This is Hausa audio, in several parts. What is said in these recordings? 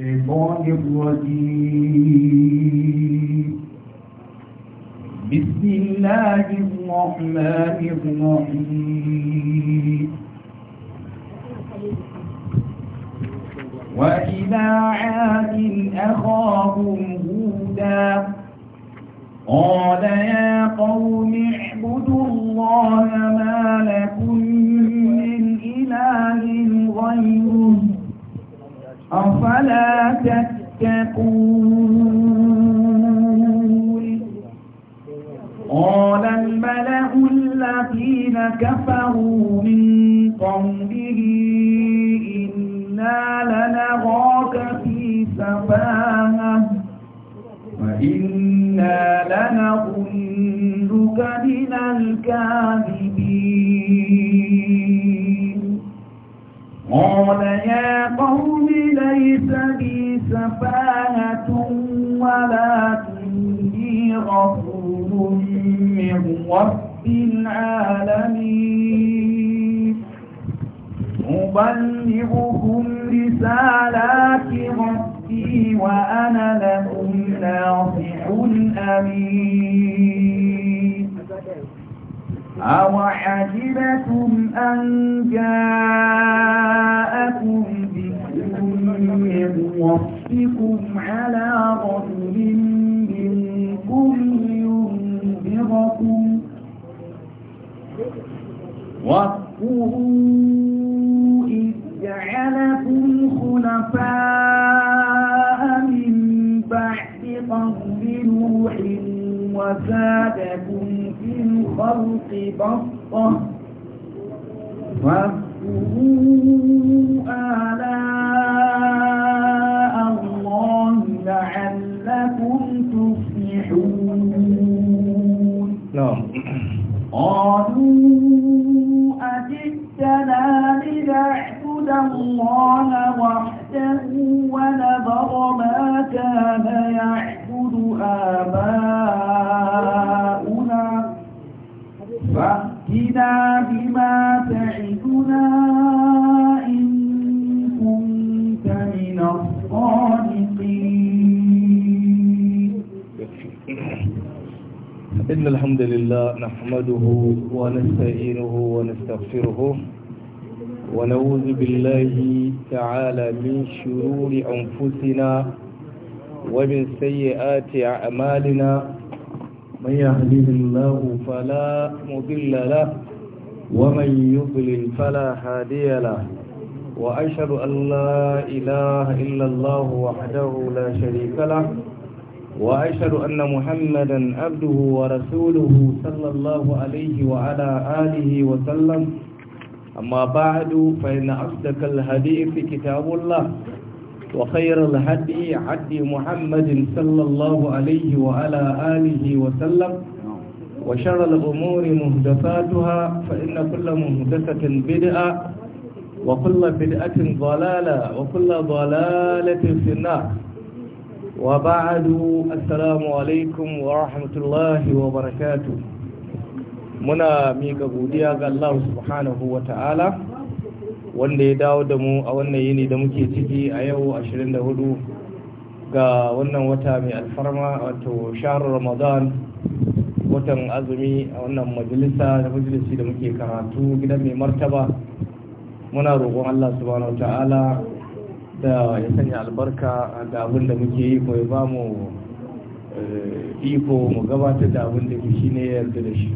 الشيطان الرجيم بسم الله الرحمن الرحيم وإذا عاد أخاهم هودا قال يا قوم اعبدوا الله ما لكم أفلا تتقون قال الملأ الذين كفروا من قومه إنا لنراك في سفاهة وإنا لنظنك من الكاذبين قال يا قوم ليس بي سفاهة ولكني رسول من رب العالمين أبلغكم رسالات ربي وأنا لكم ناصح أمين أوعجبتم أن جاءكم ذكر من ربكم على رجل منكم لينذركم واذكروا نحمده ونستعينه ونستغفره ونعوذ بالله تعالى من شرور أنفسنا ومن سيئات أعمالنا من يهده الله فلا مضل له ومن يضلل فلا هادي له وأشهد أن لا إله إلا الله وحده لا شريك له وأشهد أن محمدا عبده ورسوله صلى الله عليه وعلى آله وسلم أما بعد فإن أصدق الحديث كتاب الله وخير الهدي هدي محمد صلى الله عليه وعلى آله وسلم وشر الأمور مهدفاتها فإن كل مهدفة بدعة وكل بدعة ضلالة وكل ضلالة في النار وبعد السلام عليكم ورحمة الله وبركاته muna mika godiya ga Allah subhanahu wa ta'ala wanda ya dawo da mu a wannan yini da muke ciki a yau 24 ga wannan wata mai alfarma wato sharar ramadan watan azumi a wannan majalisa da majalisi da muke karatu gidan mai martaba muna roƙon Allah subhanahu wa ta'ala da ya sanya albarka da abin da muke yi kuma ya ba mu eh, iko mu gabatar da abin da shi ne ya yarda da shi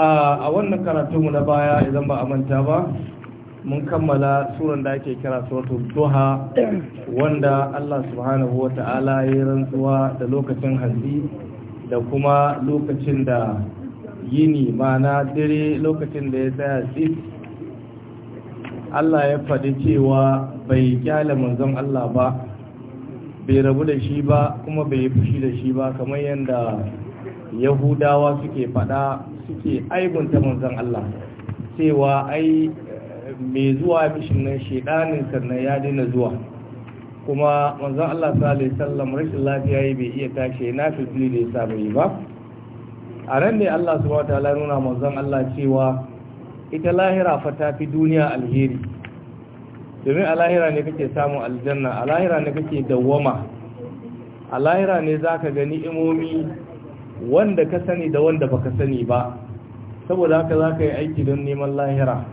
a wannan karatunmu na baya idan ba a manta ba mun kammala suran da ake kira suratu duha wanda Allah subhanahu ta'ala ya rantsuwa da lokacin hanzi da kuma lokacin da yini mana dare lokacin da ya tsaya tsit Allah ya faɗi cewa bai kyale manzon Allah ba bai rabu da shi ba kuma bai fushi da shi ba kamar yadda yahudawa suke faɗa suke aibunta manzon Allah cewa ai mai zuwa mishin nan shaidanin sannan ya daina zuwa kuma manzon Allah sallallahu alaihi wasallam rashin lafiya yayi bai iya tashi na fitili da ya saba ba a ran ne Allah subhanahu ta'ala nuna manzon Allah cewa ita lahira fa ta fi duniya alheri domin a lahira ne kake samun aljanna a lahira ne kake dawwama a lahira ne za ka gani imomi wanda ka sani da wanda baka sani ba saboda haka za ka yi aiki don neman lahira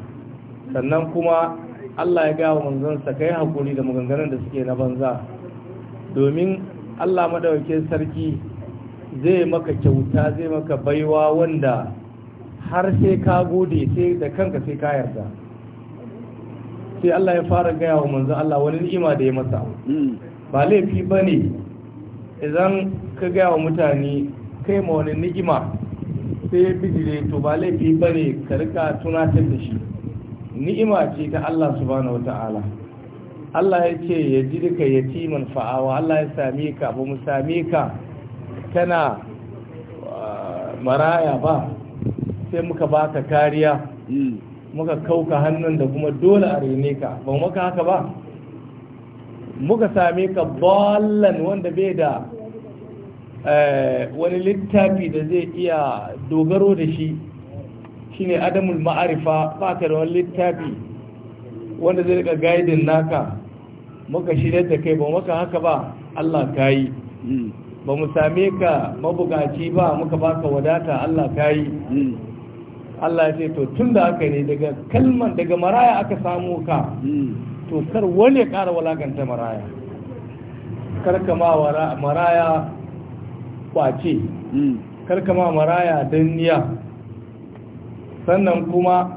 sannan kuma allah ya gawa manzansa ka yi haƙuri da maganganun da suke na banza domin allah madawakin sarki zai maka kyauta zai maka baiwa wanda har sai ka gode sai da kanka sai ka yarda sai Allah ya fara gaya wa manzo Allah wani ni'ima da ya masa mm. ba laifi bane idan ka gaya wa mutane kai ma wani ni'ima sai ya bijire to ba laifi bane ka rika tunatar da shi ni'ima ce ta Allah subhanahu wata'ala Allah ya ce ya ji duka yatiman fa'awa Allah ya same ka ba mu same ka kana ah, maraya ba sai muka baka kariya hmm. muka kauka hannun da kuma dole a rene ka ba maka haka ba muka same ka ballan wanda bai da eh, wani littafi da zai iya dogaro da shi shi ne adamul ma'arifa ba ka da wani littafi wanda zai rika gaidin naka muka shirya da kai ba maka haka ba Allah ka yi hmm. ba mu same ka mabugaci ba muka baka wadata Allah ka yi hmm. Allah ya ce to tun da aka ne daga kalman daga maraya aka samu ka to kar wani ya ƙara walakanta maraya kar kama maraya kwace kar kama maraya danniya sannan kuma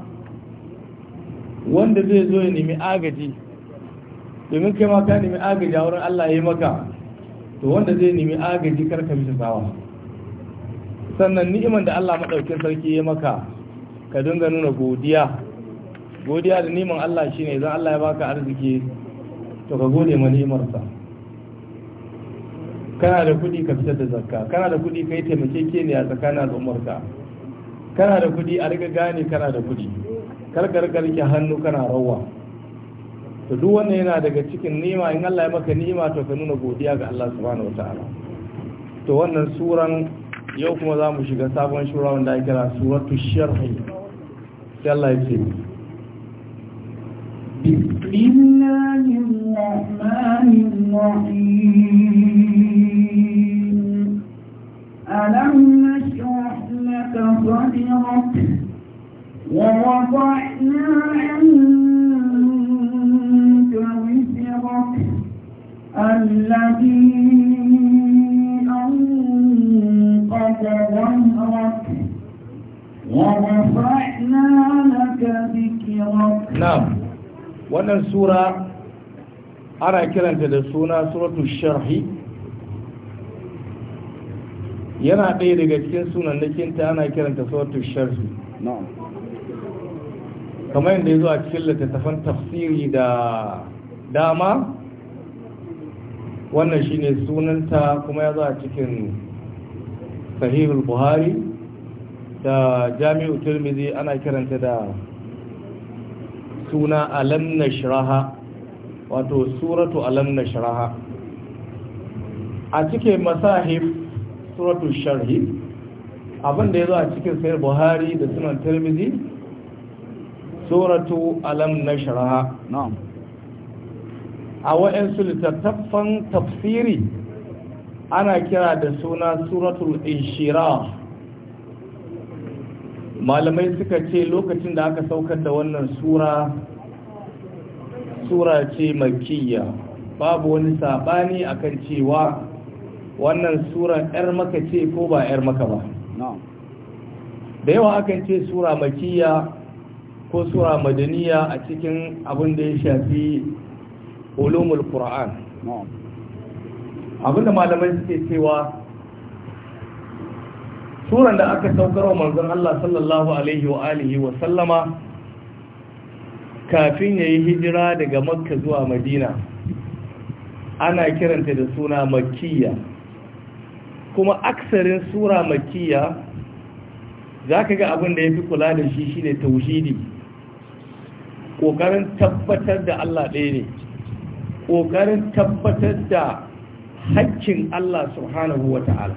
wanda zai zo ya nemi agaji domin kai ma ka nemi agaji a wurin Allah ya yi maka to wanda zai nemi agaji kar ka bi sawa sannan ni'iman da Allah maɗaukin sarki ya maka ka dinga nuna godiya godiya da neman Allah shi ne, idan Allah ya baka arziki to ka gode ma nimarsa kana da kudi ka fitar da zakka kana da kudi ka yi a tsakanin al'ummarka kana da kudi a riga gane kana da kudi karkarkar ki hannu kana rawa to duk wannan yana daga cikin nima in Allah ya maka nima to ka nuna godiya ga Allah subhanahu wataala to wannan suran yau kuma za mu shiga sabon shura wanda ake kira suratul sharhi sai Allah ya ce bismillahir rahmanir rahim alam nashrah laka sadrak wa wada'na 'anka wizrak alladhi أنقذ ظهرك na'am wannan sura ana kiranta da suna suratul sharhi yana ɗaya daga cikin sunan nakinta ana kiranta suratul sharhi na'am kamar yadda ya zo a cikin littattafan tafsiri da dama wannan shine sunanta kuma ya zo a cikin sahihul buhari da jami'u turmizi ana kiranta da suna alam shiraha wato suratu alam na shiraha, a cikin masahib suratu sharhi abinda ya zo a cikin sayar buhari da sunan tirmidhi suratu alam na shiraha, a wa'ansu littattafan tafsiri ana kira da suna suratul inshirah malamai suka ce lokacin da aka saukar da wannan sura sura ce makiyya babu wani sabani akan cewa wannan sura yar maka ce ko ba yar maka ba da yawa akan ce sura makiyya ko sura madaniya a cikin abin da ya shafi ulumul qur'an abinda malamai suke cewa suran da aka saukar wa manzon Allah sallallahu alaihi wa alihi wa sallama kafin yayi hijira daga makka zuwa madina ana kiranta da suna makkiya kuma aksarin sura makkiya zaka ga abin da yafi kula da shi shine tauhidi kokarin tabbatar da Allah ɗaya ne kokarin tabbatar da haƙƙin Allah subhanahu ta'ala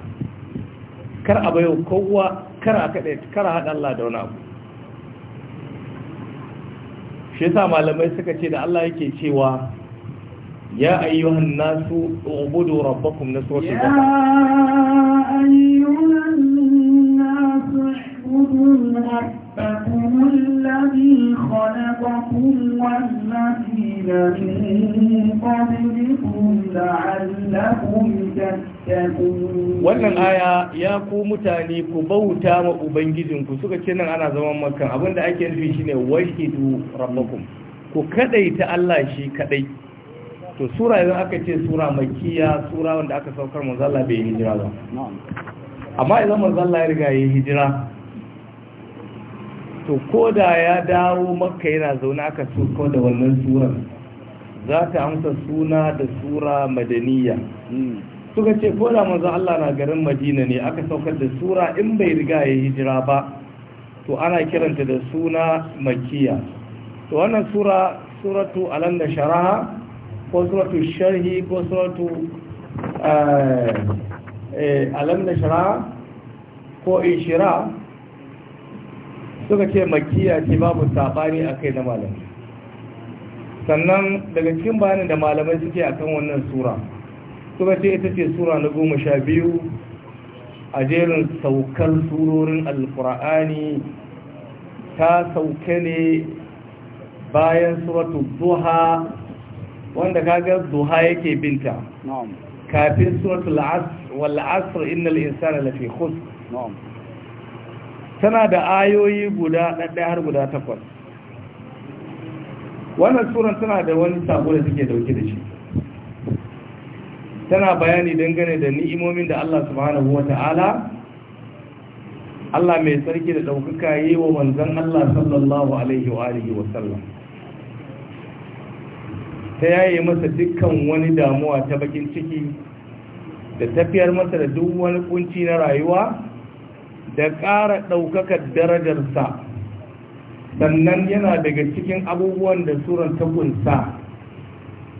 kar a bayo kowa kar a kaɗe kar a haɗa Allah da wani abu shi yasa malamai suka ce da Allah yake cewa ya ayyuhan nasu ubudu rabbakum na sosai ya ayyuhan nasu ubudu ربكم الَّذِي خَلَقَكُمْ وَالَّذِينَ مِن قَبْلِكُمْ لَعَلَّكُمْ تَتَّقُونَ wannan aya ya ku mutane ku bauta ma ubangijinku suka ce nan ana zaman makkan abinda ake nufi shine washidu rabbakum ku kadaita Allah shi kadai to sura yanzu aka ce sura makiya sura wanda aka saukar manzalla bai hijira ba amma idan manzalla ya riga ya hijira to ko da ya dawo makka yana zaune aka sauko da wannan surar za ta amsa suna da sura madaniya hmm. suka ce ko da manzo Allah na garin Madina ne aka saukar da sura in bai riga ya hijira ba to ana kiranta da suna makiya to wannan sura suratu alam da sharaha ko suratu sharhi ko suratu eh, eh, alam da sharaha ko ishira suka ce makiya ce babu sabani a kai na malamai sannan daga cikin bayanin da malamai suke a kan wannan sura suka ce ita ce sura na goma sha biyu a jerin saukar surorin alkur'ani ta sauke ne bayan suratu duha wanda kaga duha yake binta kafin suratu la'asar innal insana lafi khus tana da ayoyi guda ɗaya har guda takwas wannan suran tana da wani sabo da suke dauke da shi tana bayani dangane da ni'imomin da Allah subhanahu wa ta'ala Allah mai tsarki da ɗaukaka yi wa wanzan Allah sallallahu alaihi wa alihi wa sallam ta yaye masa dukkan wani damuwa ta bakin ciki da tafiyar masa da duk wani kunci na rayuwa da ƙara ɗaukakar darajarsa sannan yana daga cikin abubuwan da suran ta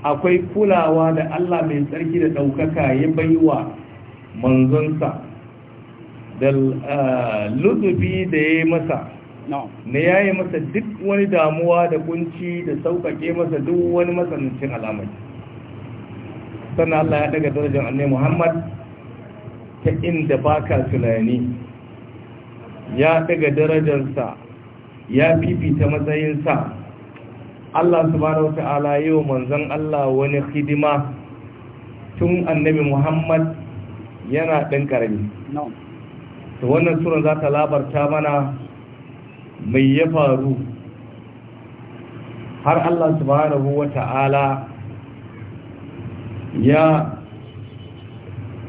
akwai kulawa da Allah mai tsarki da ɗaukaka ya baiwa manzonsa da eh, lulubi da ya yi masa na ya yi masa duk wani damuwa da kunci da sauƙaƙe masa duk wani matsanancin alamai sannan Allah ya daga darajar annai Muhammad ta inda baka tunani ya daga darajarsa ya fifita matsayinsa Allah subhanahu wata'ala yau manzon Allah wani hidima tun annabi Muhammad yana ɗan ƙarami to wannan sura za ta labarta mana mai ya faru har Allah subhanahu wata'ala ya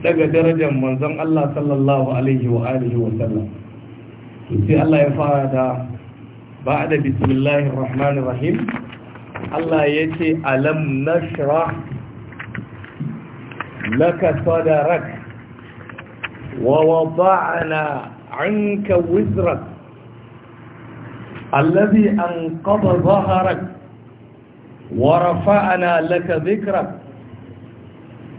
daga darajar manzon Allah sallallahu alaihi wa alihi wa sallam sai Allah ya fara da ba da bismillahir rahmanir rahim Allah ya ce alam nashrah laka sadrak wa wada'na 'anka wizrak alladhi anqadha dhahrak wa rafa'na laka dhikrak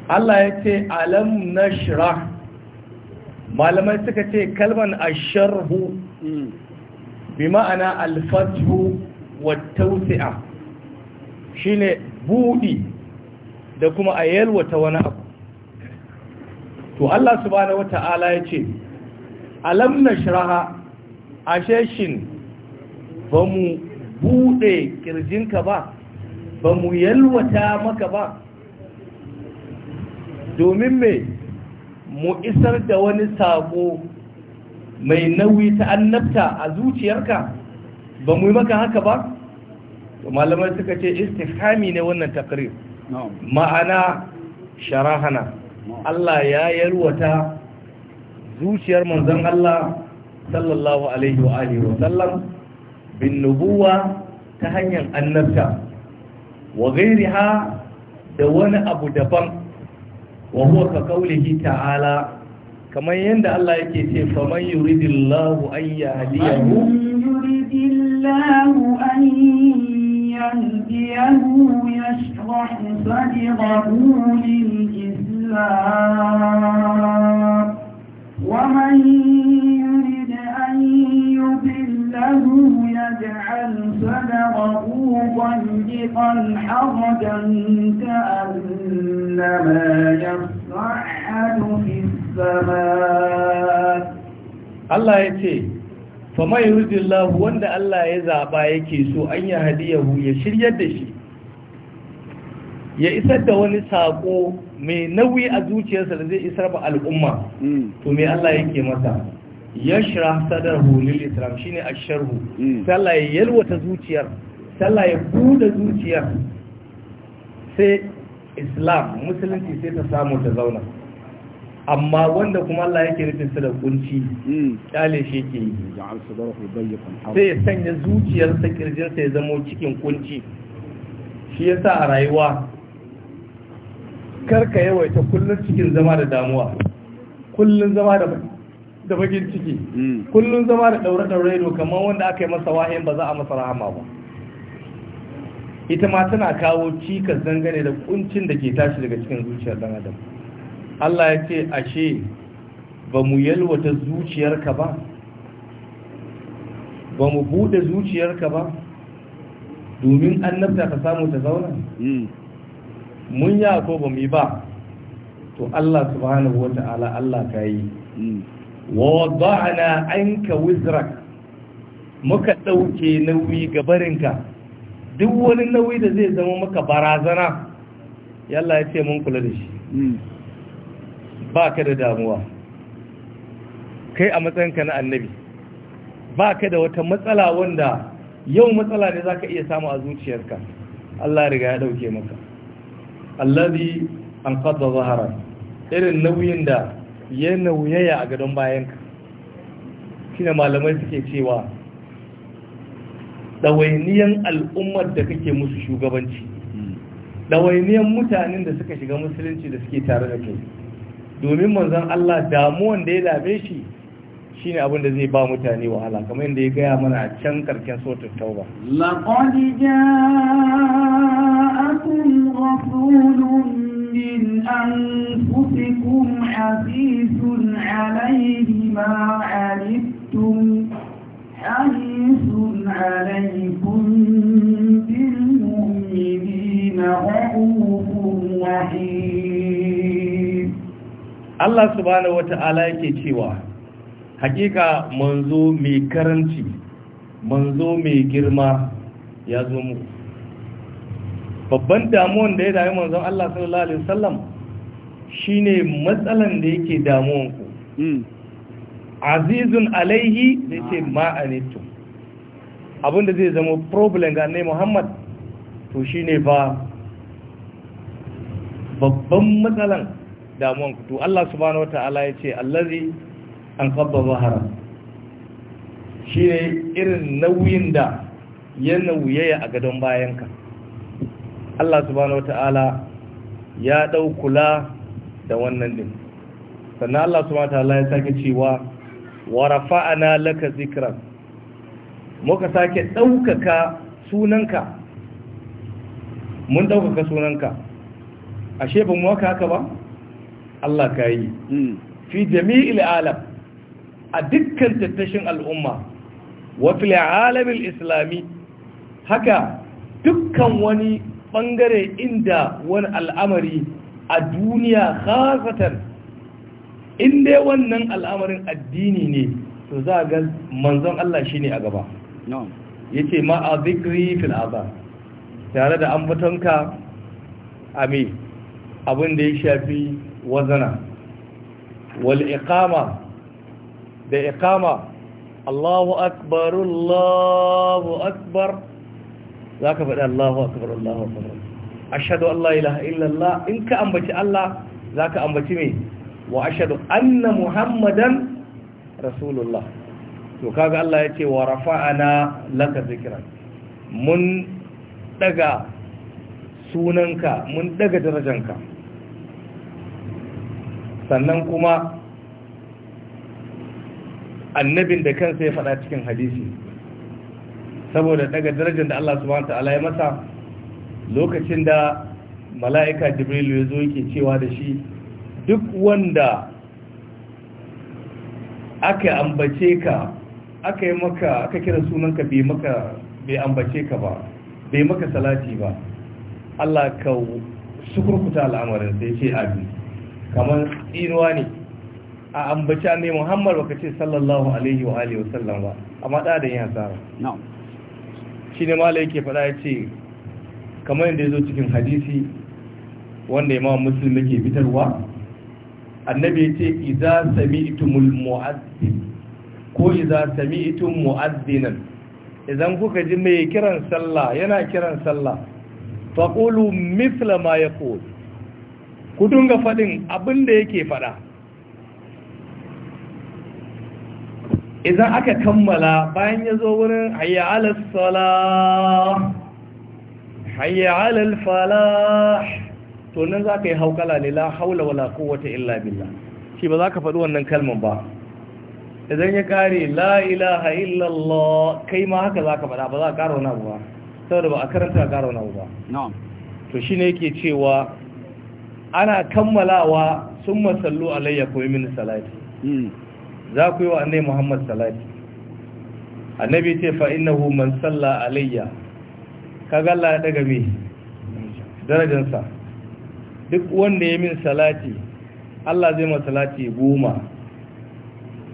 Allah ya ce alam nashrah malamai suka ce kalman asharhu bi ma'ana alfathu wa shi shine buɗi da kuma a yalwata wani abu to Allah subhanahu wata'ala ya ce alam a asheshin ba mu buɗe ƙirjinka ba ba mu yalwata maka ba domin me mu isar da wani sabo mai nauyi ta annabta a zuciyarka ba mu yi maka haka ba malamai suka ce istihami ne wannan takrir ma'ana sharahana Allah ya ta zuciyar manzon Allah sallallahu alaihi wa alihi wa sallam bin nubuwa ta hanyar annabta wa gairiha da wani abu daban wa huwa ka qaulihi ta'ala kamar yadda Allah yake ce faman yuridillahu an yahdiyahu yuridillahu an yahdiyahu yashrah sadrahu lil-islam Wa ومن يرد أن يضله يجعل سبقوا ضيقا حرجا كأنما يصعد في السماء Allah ya ce, "Fama yi rujillahu wanda Allah ya zaɓa yake so an yi hadiyahu ya shiryar da shi, ya isar da wani saƙo mai nauyi a zuciyarsa da zai isar ba al'umma, hmm. to me Allah yake masa. yashra sadarhu lil islam shine asharhu hmm. sallah ya yalwata zuciyar sallah ya bude zuciyar sai islam musulunci sai ta samu ta zauna amma wanda kuma Allah yake nufin su da kunci hmm. kyale shi ke yi sai ya sanya zuciyarsa ƙirjinsa ya zamo cikin kunci shi yasa a rayuwa karka yawaita kullum cikin zama da damuwa kullum zama da da bakin ciki hmm. kullum zama da daure-daure ne kamar wanda aka yi masa wahayin ba za a masa rahama ba ita ma tana kawo cikas dangane da kuncin da ke tashi daga cikin zuciyar dan adam Allah ya ce ashe ba mu yalwata zuciyarka ba ba mu bude zuciyarka ba domin annabta ka samu ta zauna hmm. mun ya ko ba mu yi ba to Allah subhanahu wata'ala Allah ka yi hmm. wa wada'na anka wizrak muka dauke nauyi ga barinka duk wani nauyi da zai zama maka barazana yalla ya ce mun kula da shi ba ka da damuwa kai a matsayinka na annabi ba ka da wata matsala wanda yau matsala ne za ka iya samu a zuciyarka Allah riga ya dauke maka allazi an zahara irin nauyin da ya nauyaya a gadon bayanka shine malamai suke cewa ɗawainiyan al'ummar da kake musu shugabanci ɗawainiyan mutanen da suka shiga musulunci da suke tare da kai domin manzan Allah damuwan da ya dame shi shi ne abinda zai ba mutane wahala kamar yadda ya gaya mana a can karken sautar tauba laƙon a rasulun min anfusikum azizun alayhi ma anittum harisun alaykum bil mu'minina ra'ufun rahim Allah subhanahu wata'ala yake cewa haƙiƙa manzo mai karanci manzo mai girma ya zo babban damuwan da ya dami manzon Allah sallallahu alaihi wasallam shine matsalan da yake damuwan ku hmm. azizun alaihi ah. da ma ma'anitu abinda zai zama problem ga ne Muhammad to shine ba. babban matsalan damuwan ku to Allah subhanahu wataala yace allazi an qabba zahara shine irin nauyin da ya nauyaya a gadon bayanka Allah subhanahu wata'ala ya dau kula da wannan din sannan Allah subhanahu wata'ala ya sake cewa wa rafa'ana laka zikran muka sake daukaka sunanka mun daukaka sunanka ashe ba waka haka haka ba Allah ka yi hmm. fi jami'il alam a dukkan tattashin al'umma wa fil alamil islami haka dukkan wani bangare inda wani al'amari a duniya khasatan inda wannan al'amarin addini ne to za ga manzon Allah shine a gaba yace ma a zikri fil azab tare da an a Amin, abin da ya shafi wazana wal iqama da iqama Allahu akbar Allahu akbar za ka faɗi Allahu akbar Allahu akbar ashhadu an la ilaha illallah in ka ambaci Allah za ka ambaci me wa ashhadu anna muhammadan rasulullah to kaga Allah ya ce wa rafa'ana laka zikran mun daga sunanka mun daga darajanka sannan kuma annabin da kansa ya faɗa cikin hadisi saboda daga darajar da Allah subhanahu ta'ala ya masa lokacin da mala'ika jibril ya zo yake cewa da shi duk wanda aka ambace ka aka yi maka aka kira sunanka bai maka bai ambace ka ba bai maka salati ba Allah ka sukurkuta al'amarin sai ce abi kamar tsinuwa ne a ambaci ne Muhammad baka ce sallallahu alaihi wa alihi wasallam ba amma da da yin hasara shi ne mala yake fada ya ce kamar yadda ya zo cikin hadisi wanda ya mawa musulun yake fitarwa annabi ya ce iza sami itumul mu'azzin ko iza sami itum mu'azzinan idan kuka ji mai kiran sallah yana kiran sallah faƙulu mislama ma ya ku dunga faɗin abin da yake faɗa idan aka kammala bayan ya zo wurin hayya alal salah hayya alal to nan za ka yi haukala ne la haula wala quwwata illa billa? shi ba za ka faɗi wannan kalman ba idan ya kare la ilaha illallah kai ma haka za ka faɗa ba za ka ƙara wani abu ba saboda ba a karanta ƙara wani abu ba to shi ne yake cewa ana kammalawa sun masallu alayya ko yi mini salati hmm. za ku yi wa annai muhammad salati annabi ce fa innahu man salla alayya kaga Allah ya daga me darajansa, duk wanda ya min salati Allah zai masa salati goma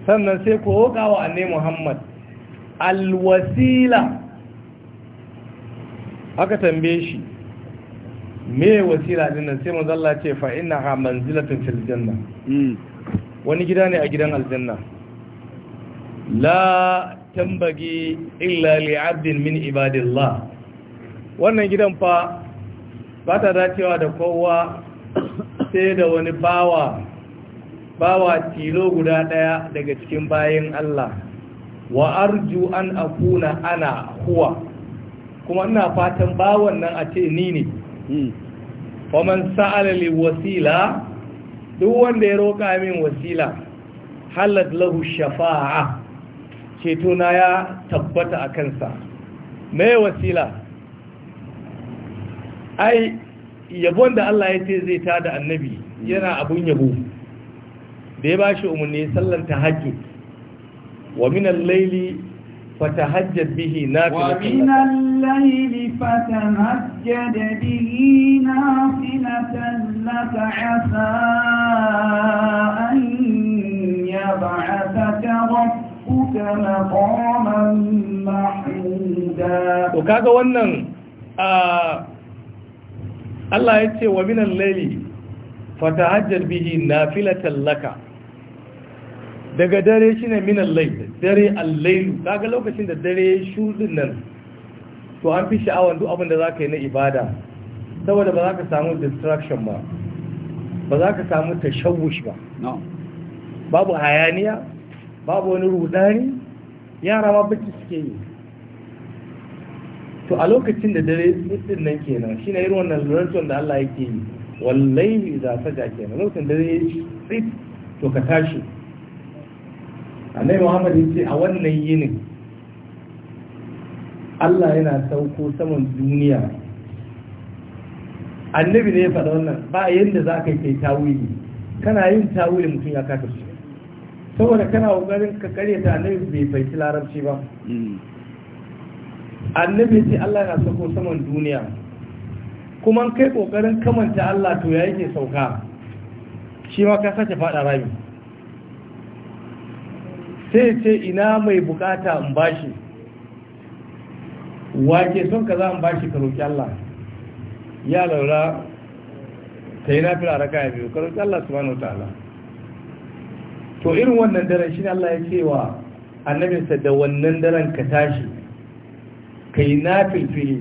sannan sai ku roƙa wa annai muhammad alwasila aka tambaye shi me wasila dinnan sai manzo Allah ce fa innaha manzilatun fil janna hmm. wani gida ne a gidan aljanna la tambagi illa li'abdin min ibadillah wannan gidan fa ba ta dacewa da kowa sai da wani bawa bawa tilo guda daya daga cikin bayan Allah wa arju an akuna ana huwa kuma ina fatan bawan nan a ce ni ne faman hmm. sa'ala li wasila duk wanda ya roƙa min wasila halat lahu shafa'a ceto na ya tabbata a kansa me wasila ai yabon da Allah ya ce zai tada annabi yana abun yabo da ya bashi umarni sallan hajji? wa min al-layli fatahajjad bihi nafilatun الليل فتمجد به نافلة لك عسى أن يبعثك ربك مقاما محمودا وكذا وانا الله يتي ومن الليل فتهجد به نافلة لك daga dare shine min al-layl dare al-layl kaga lokacin da dare shudin nan to an fi sha'awar duk abin da za ka yi na ibada saboda ba za ka samu distraction ba ba za ka samu tashawush ba babu hayaniya babu wani rudani yara ma bacci suke yi to a lokacin da dare tsitsin nan kenan ne irin wannan rantsuwan da Allah yake yi wallahi idza saja kenan lokacin dare tsit to ka tashi annabi Muhammad yace a wannan yinin Allah yana sauko saman duniya annabi ne ya faɗa wannan ba a yadda za ka yi kai tawili kana yin tawili mutum ya kata su saboda kana ƙoƙarin ka kare ta annabi bai fahimci larabci ba annabi ce Allah yana sauko saman duniya kuma kai ƙoƙarin kamanta Allah to ya yake sauka shi ma ka sace faɗa rami sai ce ina mai bukata in bashi wake son ka za a ba shi ka roƙi Allah ya laura ta yi nafi a raka ya biyu ka roƙi Allah subhanahu ta'ala to irin wannan daren shi Allah ya ce wa annabinsa da wannan daren ka tashi ka yi nafi fili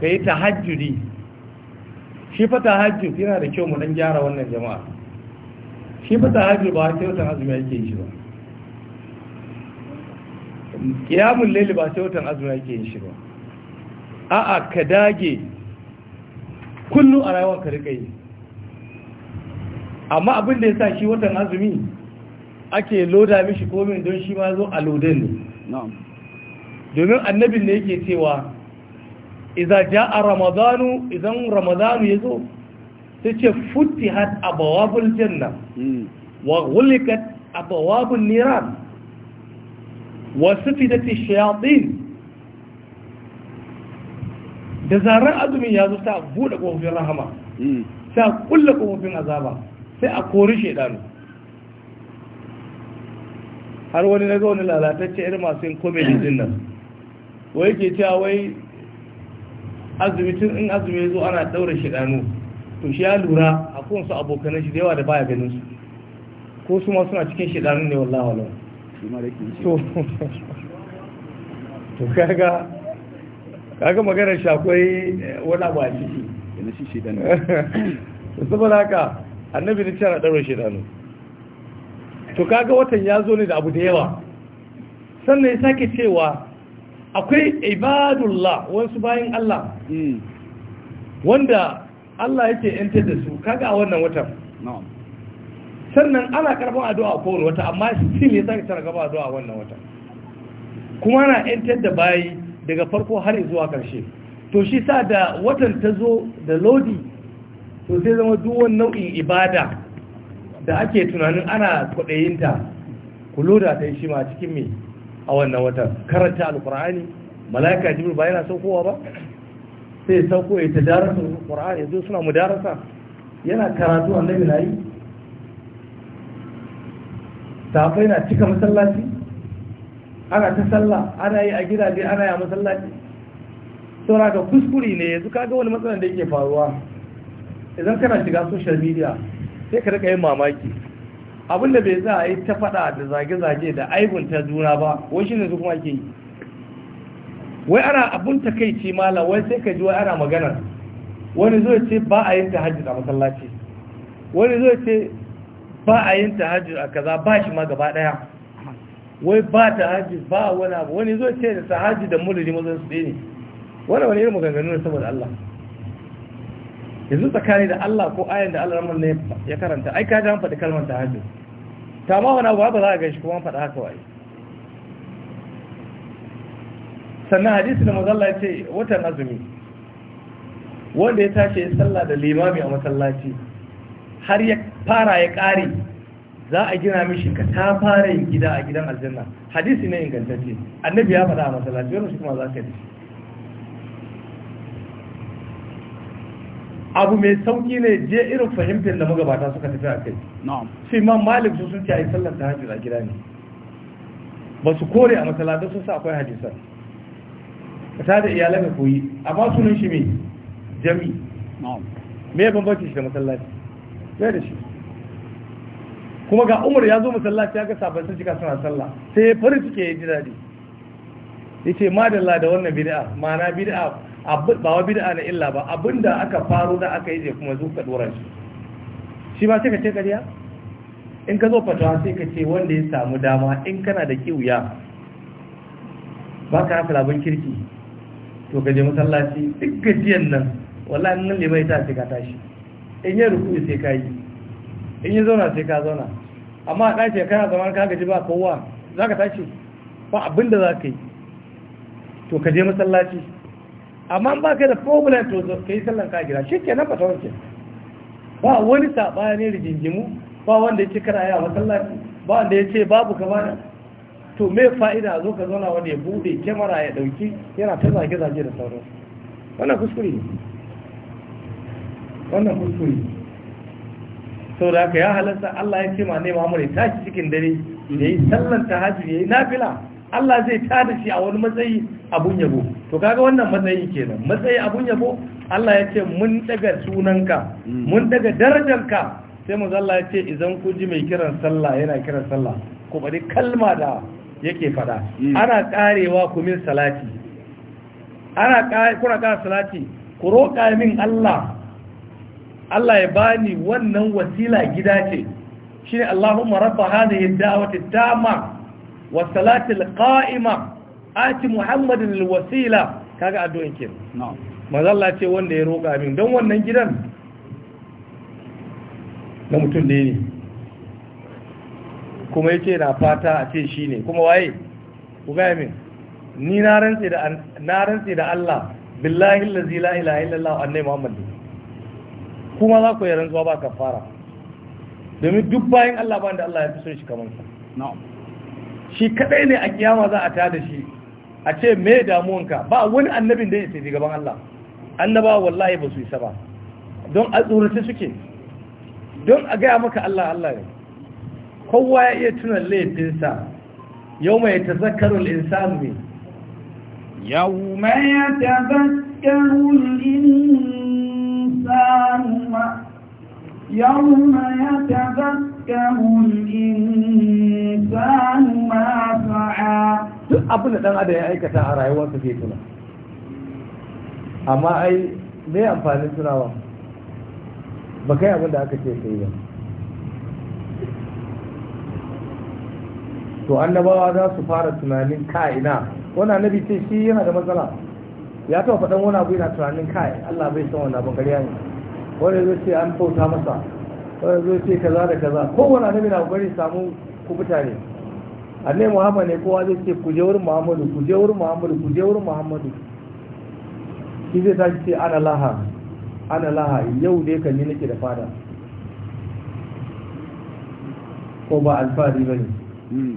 ka yi ta hajjuri. shi fata tahajjud yana da kyau mu dan gyara wannan jama'a shi fata tahajjud ba sai watan azumi yake shi ba qiyamul layl ba sai watan azumi yake shi ba a'a ka dage kullum a rayuwar ka yi amma abin da ya sa shi watan azumi ake loda mishi komin don shi ma zo a lodin ne domin annabin ne yake cewa iza ja a ramadanu idan ramadanu ya zo ta ce futti hat bawabin janna hmm. wa a bawabin niran wasu fidatti shayatin da zarar azumin ya zo ta buɗe ƙofofin rahama hmm. sai a kulle ƙofofin azaba sai a kori shaidanu har wani na zaune wani lalatacce irin masu yin komedi din nan wai ke cewa wai tun in azumi ya zo ana ɗaura shaidanu to shi ya lura a kowansu abokanan shi da yawa da baya ganin su ko su ma suna cikin shaidanu ne wallawa to kaga kaga maganar shakwai akwai eh, wani abu a ciki yana shi shi dan saboda haka annabi ne cewa daura shi dano to kaga watan ya zo ne da abu da yawa sannan ya sake cewa akwai ibadullah wasu bayan Allah hmm. wanda Allah yake yanta da su kaga a wannan watan sannan ana karɓar addu'a kowane wata amma shi ne sake tara gaba addu'a wannan watan kuma ana yantar da bayi daga farko har zuwa ƙarshe to shi sa da watan ta zo da lodi to sai zama duwan nau'in ibada da ake tunanin ana kwaɗayinta ku loda ta yi shi ma cikin mai a wannan watan karanta alkur'ani mala'ika jibril ba yana saukowa ba sai sauko ya ta darasa alkur'ani yanzu suna mu darasa yana karatu annabi na yi tafai na cika masallaci ana ta sallah ana yi a gidaje ana yi a masallaci saura ga kuskure ne yanzu kaga wani matsalar da yake faruwa idan kana shiga social media sai ka rika yin mamaki abin da bai za a yi ta fada da zage-zage da ta juna ba wai shi ne su kuma ke yi wai ana abun ce mala wai sai ka ji wai ana magana wani zai ce ba a yin tahajji a masallaci wani zai ce ba a yin tahajji a kaza ba shi ma gaba daya wai ba ta haji ba wani abu wani zo ce da ta haji da mulidi mazan su ne wani wani irin maganganu na saboda Allah yanzu tsakani da Allah ko ayan da Allah ramar ne ya karanta ai ka an faɗi kalmar ta haji ta ma wani abu ba za a gashi kuma an faɗi haka wai sannan hadisi da mazalla ya ce watan azumi wanda ya tashi ya sallah da limami a masallaci har ya fara ya ƙare za a gina mishi ka ta fara yin gida a gidan aljanna hadisi ne ingantacce annabi ya faɗa a masallaci wannan shi kuma za ka yi abu mai sauki ne je irin fahimtar da magabata suka tafi a kai su imam malik su sun ce a yi sallar ta hajjira gida ne ba su kore a masallaci sun sa akwai hadisan ka ta da iyalai ka koyi amma sunan shi mai jami me bambanci shi da masallaci sai da shi kuma ga umar ya zo masallaci ya ga sabon sun jika suna sallah sai ya farin cike ya ji daɗi ya ce madalla da wannan bida'a ma'ana bida'a ba wa bida'a na illa ba abinda aka faru da aka yi je kuma zuka dora shi shi ma sai ka ce kariya in ka zo fatawa sai ka ce wanda ya samu dama in kana da kiwuya ba ka hafi labin kirki to ka je masallaci duk gajiyan nan wallahi nan limai ta ce ka tashi in yi rukuni sai ka yi in yi zauna sai ka zauna amma a ɗaki kana zaman ka gaji ba kowa za ka tashi ba abin da za ka yi to ka je masallaci amma ba ka da formula to ka yi sallan ka gida shi nan ba ta wanke ba wani saɓani rigingimu ba wanda ya ce kana yawa masallaci ba wanda ya ce babu ka bana to me fa'ida zo ka zauna wanda ya bude kyamara ya ɗauki yana ta zage-zage da sauransu wannan kuskure wannan kuskure sau da haka ya halarta Allah ya ce ma ne mamur ya tashi cikin dare ya yi sallan haji ya yi nafila Allah zai da shi a wani matsayi abun yabo to kaga wannan matsayi kenan matsayi abun yabo Allah ya ce mun daga sunanka hmm. mun daga darajarka sai mu Allah ya ce idan ku ji mai kiran sallah yana kiran sallah ku bari kalma da yake fada hmm. ana karewa ku min salati ana kuna kara salati ku roƙa min Allah Allah ya bani wannan wasila gida ce shi ne Allahumma rabba hadhihi ad-da'wati tama wa salati al-qa'ima ati Muhammadin al-wasila kaga addu'in ke na'am manzo Allah ce wanda ya roƙa min don wannan gidan na mutum da ne kuma yake na fata a ce shi ne kuma waye ku ga min ni na rantse da Allah billahi allazi la ilaha illallah annai muhammadin. kuma za ku yi rantsuwa ba ka fara. domin duk bayan Allah ba da Allah ya fi so shi kamar sa shi kadai ne a kiyama za a da shi a ce me damuwanka ba wani annabin da ya sai gaban Allah annaba wallahi ba su isa ba don a tsorace suke don a gaya maka Allah Allah ne kowa ya iya tuna laifinsa yau mai tazakarul insan ne yau mai tazakarul insan الإنسان يوم يتذكر الإنسان ما سعى duk abin أدى أي كتاء ya aikata a أي ke tuna amma ai أبنى amfanin tunawa ba aka ce ba to annabawa za su fara tunanin ka'ina wani annabi ce shi yana da matsala ya taɓa faɗan wani abu yana tunanin kai Allah bai san wani abin ya ne wani zai ce an fauta masa wani zai ce kaza da kaza kowane annabi na gari samu kubuta ne annabi Muhammad ne kowa zai ce ku je wurin Muhammadu ku je wurin Muhammadu ku je wurin Muhammadu shi zai tashi ce ana laha ana laha yau dai kan ni nake da fada ko ba alfahari ba ne. Hmm.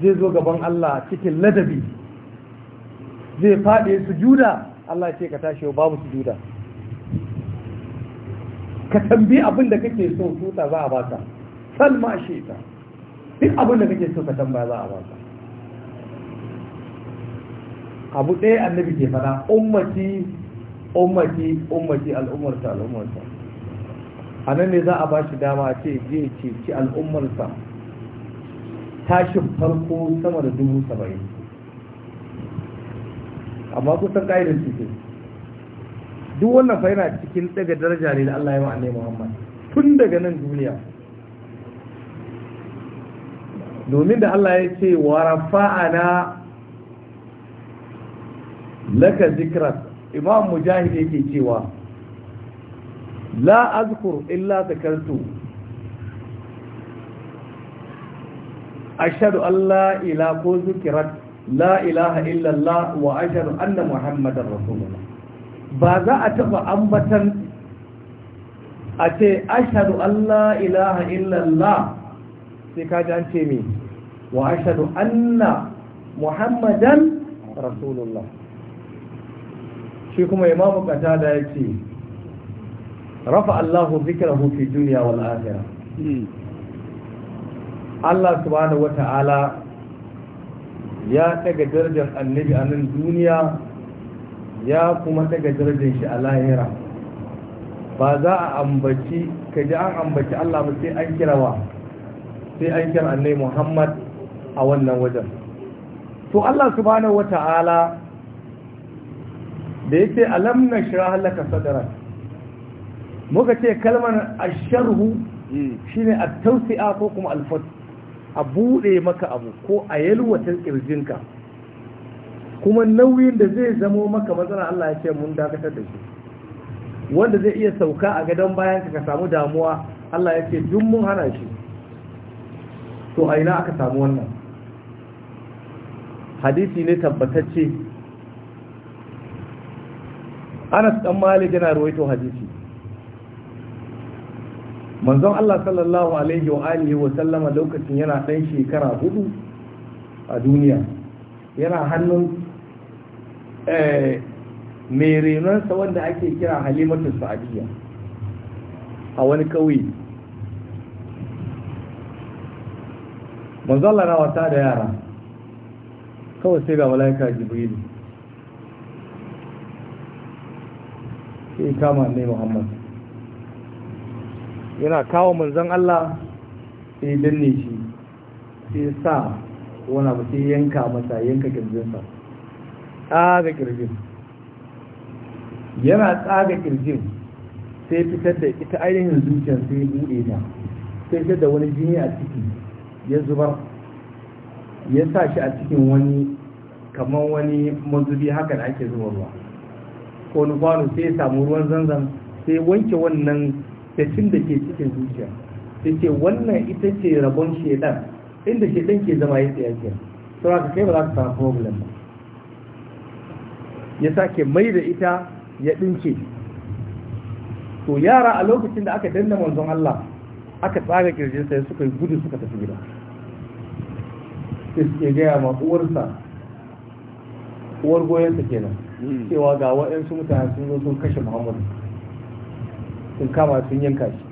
zai zo gaban Allah cikin ladabi zai faɗi sujuda Allah ce ka tashi babu sujuda ka tambi abin da kake so tuta za a baka salma sheta duk abin da kake so ka tambaya za a baka abu ɗaya annabi ke fada ummati ummati ummati al'ummarsa al'ummarsa a nan ne za a ba shi dama ce je ce ci al'ummarsa tashin farko sama da dubu saba'in amma kusan ƙa'idar cikin duk wannan fa yana cikin daga daraja ne da Allah ya wa annai Muhammad tun daga nan duniya domin da Allah ya ce wa rafa'ana laka zikrat imam mujahid yake cewa la azkur illa zakartu ashhadu an la ilaha ko zikrat la ilaha illallah wa ashhadu anna muhammadar rasulullah ba za a taba ambatan a ce ashadu allah ilaha illallah sai ka an ce me wa ashadu anna muhammadan rasulullah shi kuma imamu qatada yace rafa Allahu zikrahu hufi dunya wal akhirah hmm. Allah subhanahu Ta'ala. ya daga darajar annabi a nan duniya ya kuma daga darajar shi a lahira ba za a ambaci ka ji an ambaci Allah ba sai an wa sai an kira annabi Muhammad a wannan wajen to Allah subhanahu wata'ala da yace alam nashrah laka sadrak muka ce kalmar asharhu hmm. shine at-tawsi'a ko kuma al-fath a buɗe maka abu ko a yalwata ƙirjinka kuma nauyin da zai zamo maka matsala Allah ya ce mun dakatar da shi wanda zai iya sauka a gadon bayan ka samu damuwa Allah ya ce duk mun hana shi to a ina aka samu wannan hadisi ne tabbatacce Anas dan Malik yana ruwaito hadisi manzon Allah sallallahu alaihi wa alihi wa sallama lokacin yana ɗan shekara hudu a duniya yana hannun eh, mai renonsa wanda ake kira halimatu sa'adiyya a wani kauye manzon Allah na da yara kawai sai ga malaika jibrilu sai kama ne muhammad yana kawo manzan Allah sai danne shi sai sa wani abu sai yanka masa yanka kirjinsa tsaga kirjin yana tsaga kirjin sai fitar da ita ainihin zuciyar sai buɗe ta sai fitar da wani jini a ciki ya zubar ya sa shi a cikin wani kamar wani mazubi haka da ake zuwa ruwa ko nufanu sai ya samu ruwan zanzan sai wanke wannan tacin da ke cikin zuciya sai ce wannan ita ce rabon shedan inda shedan ke zama ya tsaya ke saura ka kai ba za ka samu problem ba ya sake mai da ita ya ɗinke to yara a lokacin da aka danna manzon Allah aka tsaga kirjinsa suka gudu suka tafi gida sai suke gaya ma uwarsa uwar goyonsa kenan hmm. cewa ga waɗansu mutane sun zo sun kashe muhammadu sun kama sun yanka shi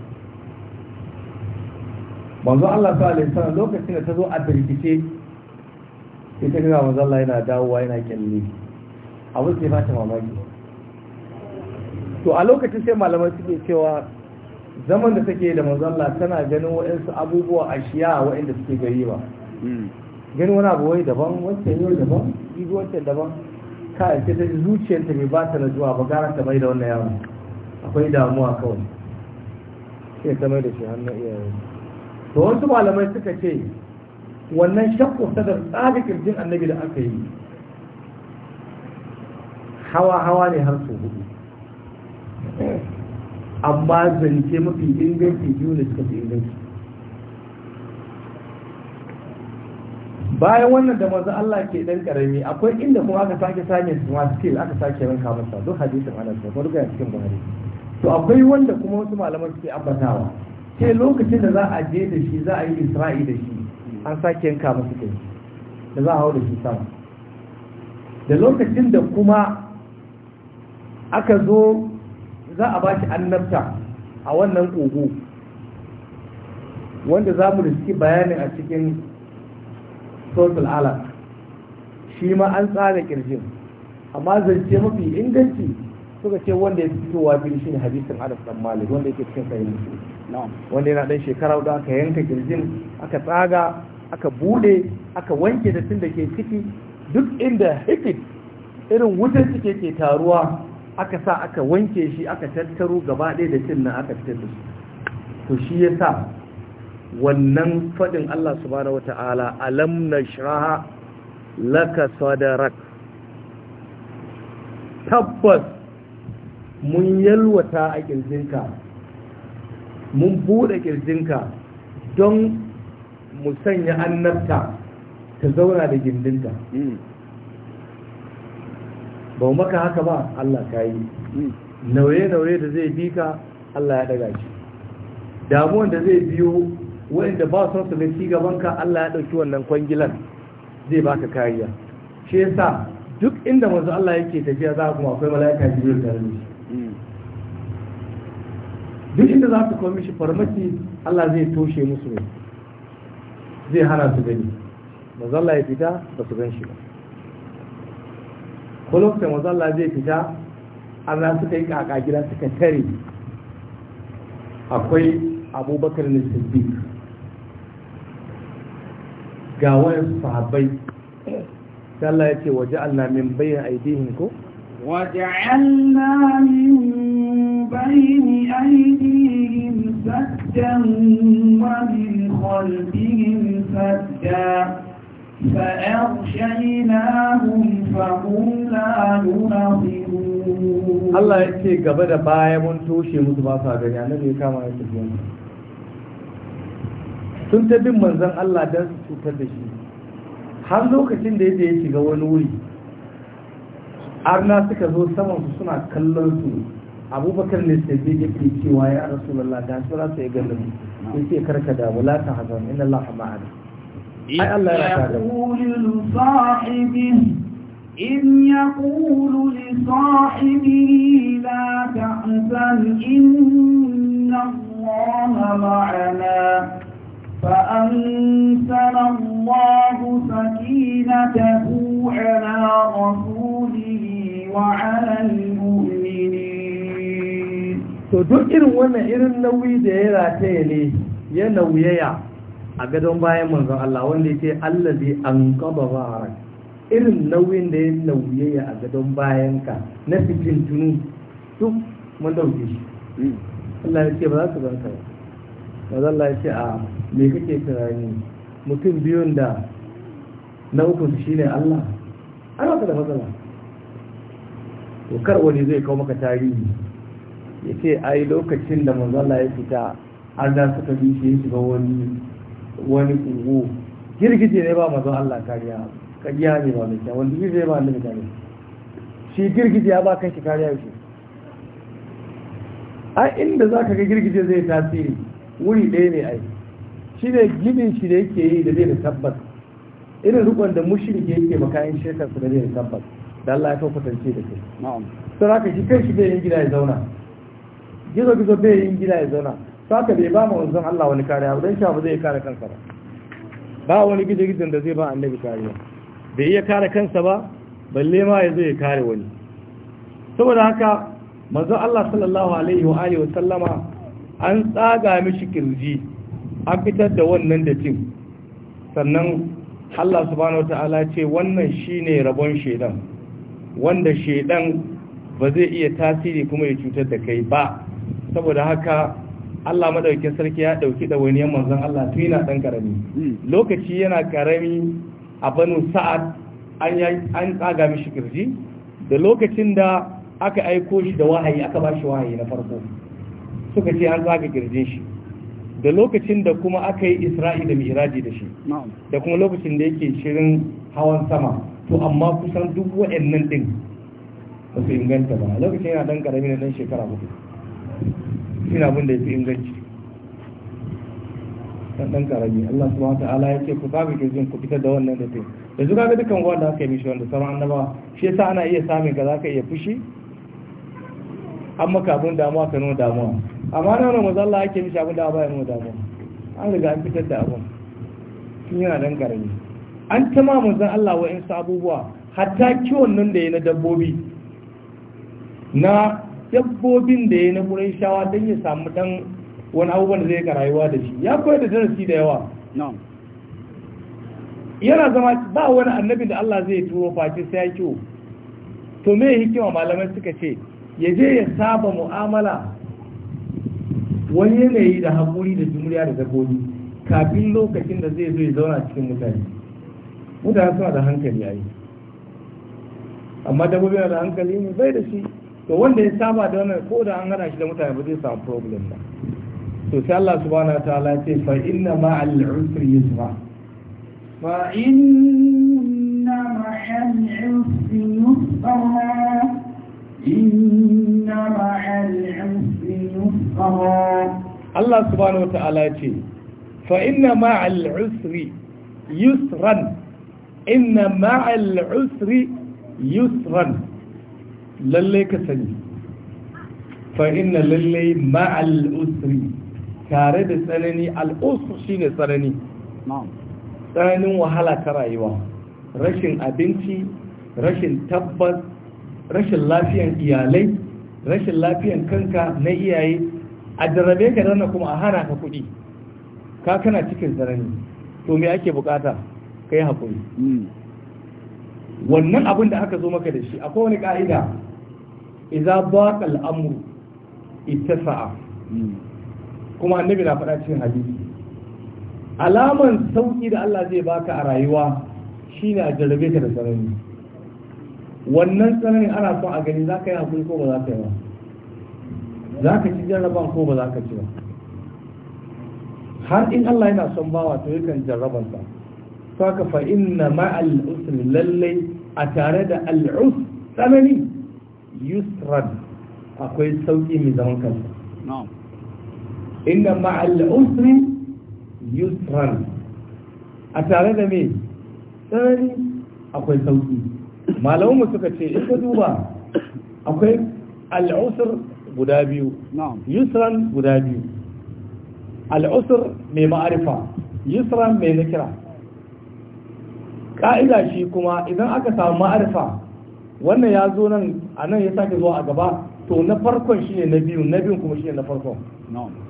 manzo Allah sallallahu alaihi wasallam lokacin da ta zo a birkice sai ta ga manzo Allah yana dawowa yana kyalle abu sai ba ta mamaki to a lokacin sai malamai suke cewa zaman da take da manzo Allah tana ganin wa'ansu abubuwa a shiya wa'anda suke gari ba hmm. ganin wani abu wai daban ne wai daban ido wacce daban kai sai ta zuciyarta bai ba ta zuwa ba gara ta mai da wannan yawon akwai damuwa kawai sai ta mai da shi hannun iyayen to wasu malamai suka ce wannan shakku da tsarin kirjin annabi da aka yi hawa-hawa ne har su hudu amma zance mafi inganci biyu ne suka fi inganci bayan wannan da maza Allah ke dan karami akwai inda kuma aka sake sanya ma skill aka sake ranka masa duk hadisin ana duk duka cikin buhari to akwai wanda kuma wasu malaman suke ambatawa sai lokacin da za a je da shi za a yi isra'i da shi an sake yanka masu kai da za a hau da shi sama da lokacin da kuma aka zo za a ba shi annabta a wannan kogo wanda za mu da suke bayanin a cikin sautul ala shi ma an tsara kirjin amma zance mafi inganci suka ce wanda ya fi fitowa biyu shine hadisin Anas dan Malik wanda yake cikin sahih Muslim wanda yana dan shekara hudu aka yanka girjin aka tsaga aka bude aka wanke da tun da ke ciki duk inda hikit irin wutar cike ke taruwa aka sa aka wanke shi aka tattaro gaba ɗaya da cin nan aka fitar da su to shi ya sa wannan faɗin Allah subhanahu wata'ala alam na shiraha laka sadarak tabbas mun yalwata a ƙirjinka mun buɗe ƙirjinka don mu sanya annabta ta zauna da gindinta mm. ba maka haka ba Allah ka yi mm. nauye-nauye da zai bi ka Allah ya daga shi damuwan da zai biyo waɗanda ba son su gaban gabanka Allah ya ɗauki wannan kwangilan zai baka kariya shi yasa duk inda mazu Allah yake tafiya za kuma akwai mala'ika jibril tare da shi duk inda za su kawo mishi farmaki Allah zai toshe musu ne zai hana su gani mazalla ya fita ba su gan shi ba ko mazalla zai fita Allah suka yi kaka gida suka tare akwai abubakar na siddiq ga wayan sahabbai sai Allah ya ce waje Allah min bayan aidihin ko waje Allah min بين أيديهم سدا ومن خلفهم سدا فأغشيناهم فهم لا يبصرون الله يتي gaba da baya mun toshe musu ba sa gani sun ta bin manzan Allah don su cutar da shi har lokacin da yaje ya shiga wani wuri arna suka zo saman su suna kallon su abubakar lissafi yake cewa ya rasulullah da su rasu ya galibu yace karka da wala ta hazan inna allah ma'ana ai allah ya ta da إذ يقول لصاحبه لا تحزن إن الله معنا فأنزل الله سكينته على رسوله وعلى المؤمنين to duk irin wannan irin nauyi da ya rataye ne ya nauyaya a gadon bayan manzon Allah wanda ya ce Allah zai an kaba ba irin nauyin da ya nauyaya a gadon bayanka na fitin tunu duk mun dauke shi Allah ya ce ba za su ganka ba manzon Allah ya ce a me kake tunani mutum biyun da na uku ne Allah ana ka da matsala to kar wani zai kawo maka tarihi ya ce ai lokacin da manzala ya fita an da suka bi shi shiga wani wani kungo girgije ne ba mazan Allah kariya kariya ne ba mai kyau wanda girgije ba annabi kariya shi girgije ya ba kanki kariya shi Ai inda za ka ga girgije zai tasiri wuri ɗaya ne ai shi ne gibin shi da yake yi da zai da tabbas irin rukon da mushrike yake makayin shirkar su da zai da tabbas da Allah ya kawo kwatance da kai. Sura ka shi kai shi bai yin gida ya zauna. gizo gizo bai yin gida ya zauna haka bai ba mu zan Allah wani kariya dan sha ba zai kare kansa ba ba wani gizo gizon da zai ba annabi kariya bai iya kare kansa ba balle ma ya zai kare wani saboda haka mazan Allah sallallahu alaihi wa alihi wa sallama an tsaga mishi kirji an fitar da wannan da datin sannan Allah subhanahu wata'ala ce wannan shine rabon shedan wanda shedan ba zai iya tasiri kuma ya cutar da kai ba saboda haka Allah madaukakin sarki ya dauki da waniyan manzon Allah tun yana dan karami lokaci yana karami a banu sa'ad an an tsaga mishi kirji da lokacin da aka aiko shi da wahayi aka ba shi wahayi na farko suka ce an tsaga kirjin shi da lokacin da kuma aka yi isra'i da miraji da shi da kuma lokacin da yake shirin hawan sama to amma kusan duk wa'annan din ba su inganta ba lokacin yana dan karami na dan shekara hudu shine bin da ya fi inganci dan dan ƙarami. Allah subhanahu ta'ala ya ce ku ke kirjin ku fitar da wannan da tai yanzu ga dukan wanda aka yi mishi wanda sauran annaba shi yasa ana iya samun ka zaka iya fushi an maka abin damuwa ka nuna damuwa amma na wani mazalla ake mishi abin da baya nuna damuwa an riga an fitar da abin Kin yana dan ƙarami. an ma manzan Allah wa insu abubuwa hatta kiwon nan da ya na dabbobi na dabbobin da ya na gurin shawa don ya samu dan wani abubuwan da zai ga rayuwa da shi ya koyar da darasi da yawa yana zama ba wani annabin da Allah zai turo face sai ya kiwo to me hikima malamai suka ce ya je ya saba mu'amala wani yanayi da haƙuri da juriya da dabbobi kafin lokacin da zai zo ya zauna cikin mutane mutane suna da hankali yayi amma dabbobi na da hankali ne bai da shi to wanda ya saba da wannan ko da an gana shi da mutane ba zai samu problem ba to sai Allah subhanahu wataala ya ce fa inna ma'al usri yusra fa inna ma'al usri yusra inna ma'al usri yusra Allah subhanahu wataala ya ce fa inna ma'al usri yusran inna ma'al usri yusran lalle ka sani fa inna lalle ma'al usri tare da tsanani al'usur shi ne tsanani tsananin wahala ta rayuwa rashin abinci rashin tabbas rashin lafiyan iyalai rashin lafiyan kanka na iyaye a jarabe ka dana kuma a hana ka kuɗi ka kana cikin tsanani to me ake bukata ka yi haƙuri mm. wannan abin da aka zo maka da shi akwai wani ƙa'ida Iza baqa al ita sa'a. kuma annabi na faɗa cikin hadisi alaman sauƙi da Allah zai baka a rayuwa shine a jarrabe ka da tsanani wannan tsananin ana son a gani za ka yi hakuri ko ba za ka yi ba Za ka ci jarraban ko ba za ka ci ba har in Allah yana son bawa to yakan jarraban sa saka fa inna ma'al usri lallai a tare da al'us tsanani yusran akwai sauki mai zaman kansa inda ma'al usri yusran a tare da me sarari akwai sauƙi malamu suka ce in ka duba akwai al'usur guda biyu yusran guda biyu al'usur mai ma'arifa yusran mai nakira Ka'ida shi kuma idan aka samu ma'arifa wannan ya zo nan a nan ya sake zuwa a gaba to na farkon shine na biyu na biyun kuma shine na farkon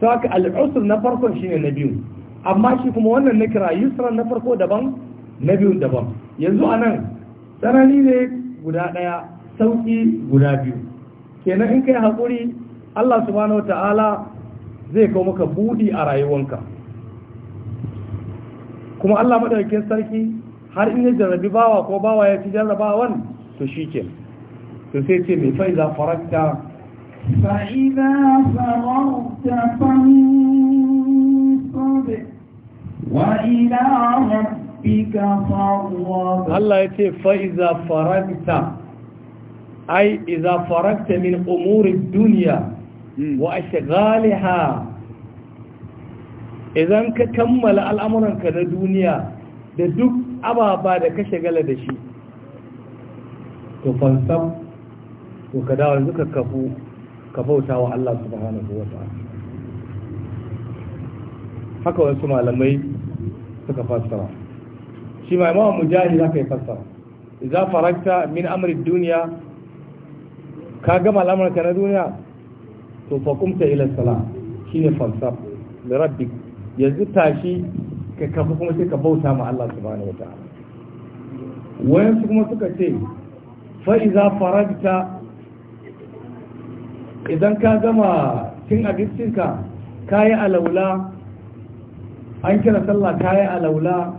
sai haka al'usr na farkon shine na biyu amma shi kuma wannan na kira yusra na farko daban na biyun daban yanzu a nan tsanani ne guda ɗaya sauƙi guda biyu kenan in kai haƙuri Allah subhanahu ta'ala zai kawo maka buɗi a rayuwanka kuma Allah madaukakin sarki har in ya jarrabi bawa ko bawa ya ci jarrabawan to shi kenan to sai ce mai fa'iza faranta fa'iza faranta fansobe wa ila rabbika farwa Allah ya ce fa'iza faranta ai iza faranta min umurin duniya hmm. wa a shagaliha idan ka kammala al'amuranka na duniya da duk ababa da ka shagala da shi to fansam to ka dawo yanzu kafu ka bauta wa Allah subhanahu wa ta'ala haka wasu malamai suka fassara shi ma imamu mujahid ka yi fassara idza farakta min amri dunya ka gama al'amurka na duniya to fa kumta ila salat shine falsaf da rabbi yanzu tashi ka kafa kuma sai ka bauta ma Allah subhanahu wayan wayansu kuma suka ce fa idza farakta idan ka gama cin abincinka ka yi alaula an kira sallah ka yi alaula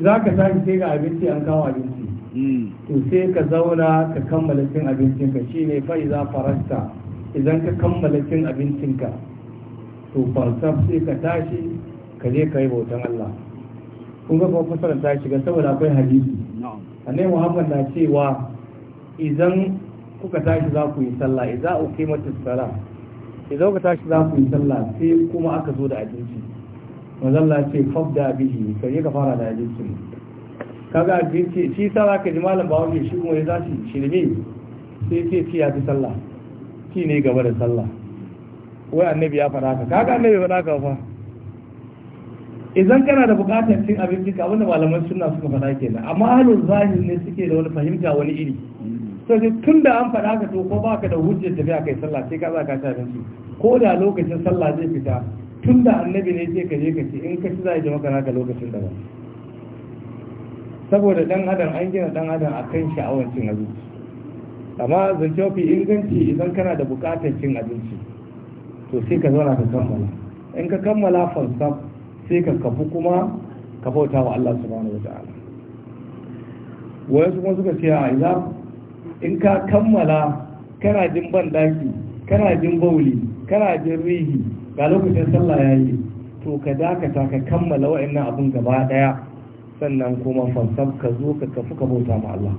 za ka tashi sai ga abinci an kawo abinci hmm. to sai ka zauna ka kammala cin abincinka shi ne fa'iza farasta idan ka kammala cin abincinka to farsa sai ka tashi ka je ka yi bautan Allah kun ga kuma fasarar ta shiga saboda akwai hadisi annai muhammad na cewa idan kuka tashi za ku yi sallah idza uqimatis salah Idan kuka tashi za ku yi sallah sai kuma aka zo da abinci manzo Allah ce fabda bihi kai ka fara da abinci kaga abinci shi sa ka ji malam bawo ne shi kuma ya zashi shirme sai ce ki ya fi sallah Ki ne gaba da sallah wai annabi ya fara Ka kaga annabi ya fara ka fa idan kana da bukatar cin abinci ka wanda malaman sunna suka fara kenan amma ahlul zahir ne suke da wani fahimta wani iri sai tun da an faɗa ka to ko ba ka da hujjar tafiya kai sallah sai ka za ka ci abinci ko da lokacin sallah zai fita tun da annabi ne sai ka je ka ci in ka ci za a ji maka naka lokacin da ba saboda dan adam an gina dan adam a kan sha'awar cin abinci amma zance mafi inganci idan kana da bukatar cin abinci to sai ka zauna ka kammala in ka kammala fansaf sai ka kafu kuma ka bauta wa Allah subhanahu wa ta'ala su kuma suka ce a idan in ka kammala kana jin ban daki kana jin bauli kana rihi ga lokacin sallah yayi to ka dakata ka kammala wa'annan abun gaba daya sannan kuma fansab ka zo ka kafu ka bauta ma Allah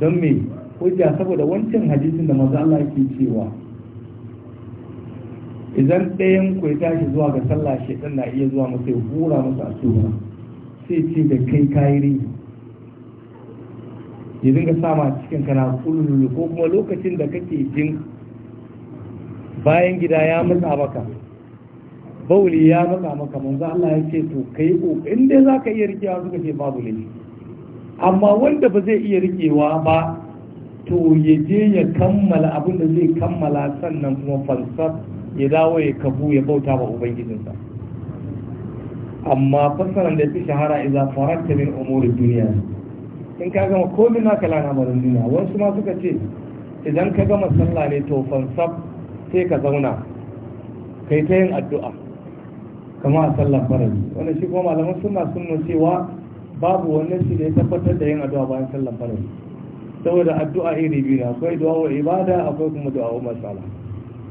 don me hujja saboda wancan hadisin da maza Allah yake cewa idan ɗayan ku ya tashi zuwa ga sallah shedan na iya zuwa masa ya hura masa asura sai ce da kai kayi rihi ya dinga sama cikin kana kululu ko kuma lokacin da kake jin bayan gida ya matsa maka bauli ya matsa maka manzo Allah ya ce to kai kokarin dai zaka iya rikewa suka ce babu ne amma wanda ba zai iya rikewa ba to ya je ya kammala abin da zai kammala sannan kuma falsaf ya dawo ya kafu ya bauta wa ubangijinsa amma fassara da fi shahara idza faratta min umuri duniya in ka gama komin naka lana marin duniya wasu ma suka ce idan ka gama sallah ne to fansab sai ka zauna kai ta yin addu'a kama a sallar farali wanda shi kuma malaman suna suna cewa babu wannan shi da ya tabbatar da yin addu'a bayan sallar farali saboda addu'a iri biyu ne akwai du'a wa ibada akwai kuma du'a wa masala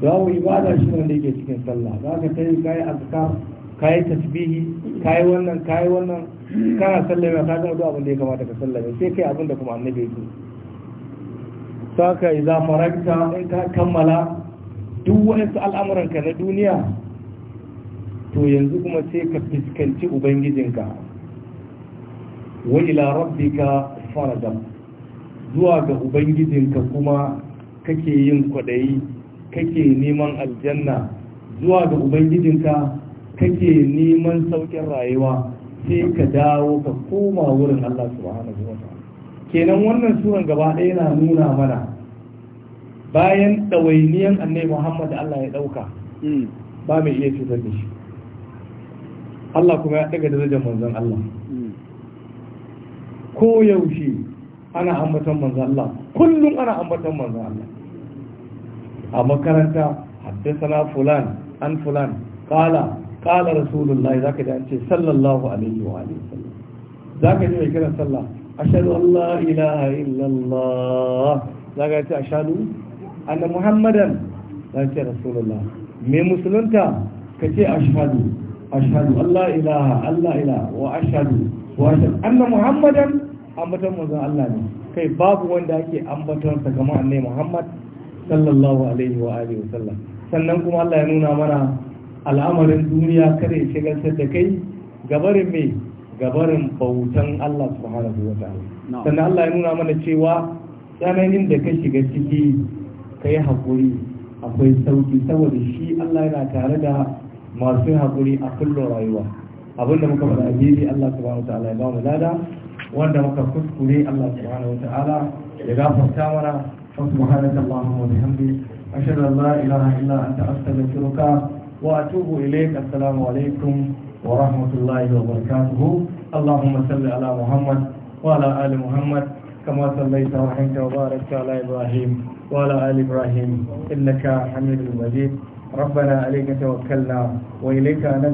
du'a wa ibada shi ne da yake cikin sallah za ka ta yi kayi azkar kayi tasbihi kayi wannan kayi wannan kana sallame ka gama duk abin da ya kamata ka sallame sai kai abin da kuma annabi yake saka idza faragta in ka kammala duk wani al'amuran ka na duniya to yanzu kuma sai ka fiskanci ubangijinka wa ila rabbika farada zuwa ga ubangijinka kuma kake yin kwadayi kake neman aljanna zuwa ga ubangijinka kake neman saukin rayuwa sai ka dawo ka koma wurin Allah subhanahu wa ta'ala kenan wannan suran gaba ɗaya na nuna mana bayan ɗawainiyan annai Muhammad Allah ya ɗauka hmm. ba mai iya cutar da shi Allah kuma ya ɗaga darajar manzon Allah hmm. ko yaushe ana ambatan manzon Allah kullum ana ambatan manzon Allah a makaranta haddasa na fulan an fulan kala قال رسول الله ذاك ده أنت صلى الله عليه وآله وسلم ذاك ده كده صلى أشهد أن لا إله إلا الله ذاك أنت أشهد أن محمدا ذاك رسول الله من مسلمك كتي أشهد أشهد أن لا إله أن لا إله وأشهد وأشهد أن محمدا أمتى مزا الله kai babu wanda ake ambatonsa kamar annai Muhammad sallallahu alaihi wa alihi wasallam sannan kuma Allah ya nuna mana al'amarin duniya kada ya shigantar da kai gabarin mai gabarin bautan Allah subhanahu wa ta'ala sannan Allah ya nuna mana cewa tsananin da ka shiga ciki ka yi haƙuri akwai sauki saboda shi Allah yana tare da masu haƙuri a kullum rayuwa abinda muka faɗa ajiyar Allah subhanahu wa ta'ala ya ba mu lada wanda muka kuskure Allah subhanahu wa ta'ala ya gafarta mana subhanaka allahumma wa bihamdika ashhadu an la ilaha illa anta astaghfiruka وأتوب إليك السلام عليكم ورحمة الله وبركاته اللهم صل على محمد وعلى آل محمد كما صليت ورحمت وباركت على إبراهيم وعلى آل إبراهيم إنك حميد مجيد ربنا عليك توكلنا وإليك أنبنا